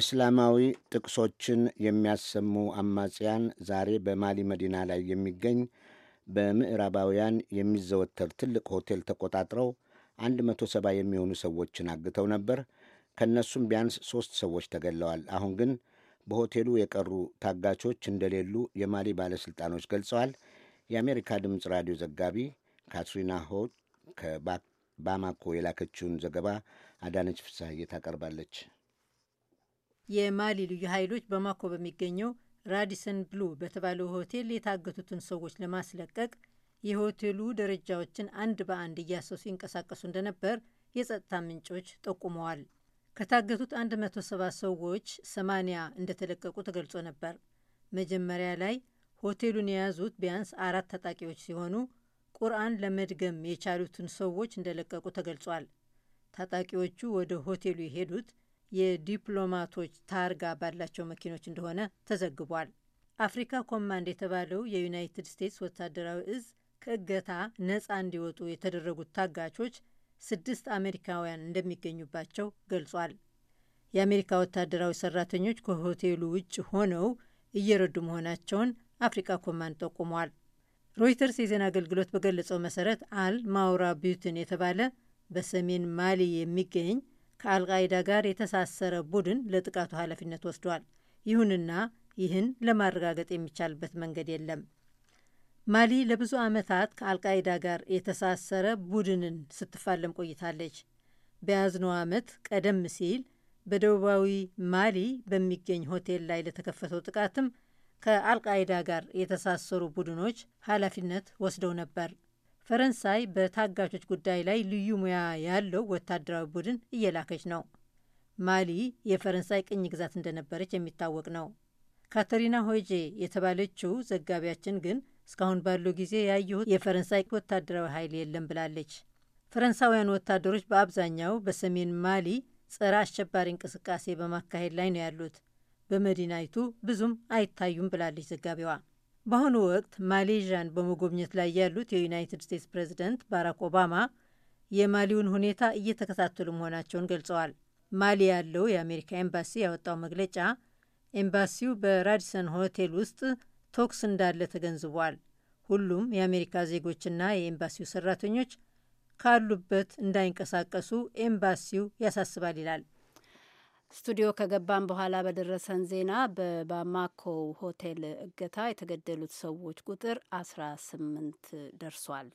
እስላማዊ ጥቅሶችን የሚያሰሙ አማጽያን ዛሬ በማሊ መዲና ላይ የሚገኝ በምዕራባውያን የሚዘወተር ትልቅ ሆቴል ተቆጣጥረው 170 የሚሆኑ ሰዎችን አግተው ነበር። ከእነሱም ቢያንስ ሦስት ሰዎች ተገለዋል። አሁን ግን በሆቴሉ የቀሩ ታጋቾች እንደሌሉ የማሊ ባለሥልጣኖች ገልጸዋል። የአሜሪካ ድምፅ ራዲዮ ዘጋቢ ካትሪና ሆ ከባማኮ የላከችውን ዘገባ አዳነች ፍስሐዬ ታቀርባለች። የማሊ ልዩ ኃይሎች በማኮ በሚገኘው ራዲሰን ብሉ በተባለው ሆቴል የታገቱትን ሰዎች ለማስለቀቅ የሆቴሉ ደረጃዎችን አንድ በአንድ እያሰሱ ይንቀሳቀሱ እንደነበር የጸጥታ ምንጮች ጠቁመዋል። ከታገቱት 170 ሰዎች 80 እንደተለቀቁ ተገልጾ ነበር። መጀመሪያ ላይ ሆቴሉን የያዙት ቢያንስ አራት ታጣቂዎች ሲሆኑ ቁርአን ለመድገም የቻሉትን ሰዎች እንደለቀቁ ተገልጿል። ታጣቂዎቹ ወደ ሆቴሉ የሄዱት የዲፕሎማቶች ታርጋ ባላቸው መኪኖች እንደሆነ ተዘግቧል። አፍሪካ ኮማንድ የተባለው የዩናይትድ ስቴትስ ወታደራዊ እዝ ከእገታ ነፃ እንዲወጡ የተደረጉት ታጋቾች ስድስት አሜሪካውያን እንደሚገኙባቸው ገልጿል። የአሜሪካ ወታደራዊ ሰራተኞች ከሆቴሉ ውጭ ሆነው እየረዱ መሆናቸውን አፍሪካ ኮማንድ ጠቁሟል። ሮይተርስ የዜና አገልግሎት በገለጸው መሰረት አል ማውራ ቢዩትን የተባለ በሰሜን ማሊ የሚገኝ ከአልቃይዳ ጋር የተሳሰረ ቡድን ለጥቃቱ ኃላፊነት ወስዷል። ይሁንና ይህን ለማረጋገጥ የሚቻልበት መንገድ የለም። ማሊ ለብዙ ዓመታት ከአልቃይዳ ጋር የተሳሰረ ቡድንን ስትፋለም ቆይታለች። በያዝነው ዓመት ቀደም ሲል በደቡባዊ ማሊ በሚገኝ ሆቴል ላይ ለተከፈተው ጥቃትም ከአልቃይዳ ጋር የተሳሰሩ ቡድኖች ኃላፊነት ወስደው ነበር። ፈረንሳይ በታጋቾች ጉዳይ ላይ ልዩ ሙያ ያለው ወታደራዊ ቡድን እየላከች ነው። ማሊ የፈረንሳይ ቅኝ ግዛት እንደነበረች የሚታወቅ ነው። ካተሪና ሆጄ የተባለችው ዘጋቢያችን ግን እስካሁን ባለው ጊዜ ያየሁት የፈረንሳይ ወታደራዊ ኃይል የለም ብላለች። ፈረንሳውያን ወታደሮች በአብዛኛው በሰሜን ማሊ ጸረ አሸባሪ እንቅስቃሴ በማካሄድ ላይ ነው ያሉት። በመዲናይቱ ብዙም አይታዩም ብላለች ዘጋቢዋ። በአሁኑ ወቅት ማሌዥያን በመጎብኘት ላይ ያሉት የዩናይትድ ስቴትስ ፕሬዝደንት ባራክ ኦባማ የማሊውን ሁኔታ እየተከታተሉ መሆናቸውን ገልጸዋል። ማሊ ያለው የአሜሪካ ኤምባሲ ያወጣው መግለጫ ኤምባሲው በራዲሰን ሆቴል ውስጥ ተኩስ እንዳለ ተገንዝቧል፣ ሁሉም የአሜሪካ ዜጎችና የኤምባሲው ሰራተኞች ካሉበት እንዳይንቀሳቀሱ ኤምባሲው ያሳስባል ይላል። ስቱዲዮ ከገባን በኋላ በደረሰን ዜና በባማኮ ሆቴል እገታ የተገደሉት ሰዎች ቁጥር አስራ ስምንት ደርሷል።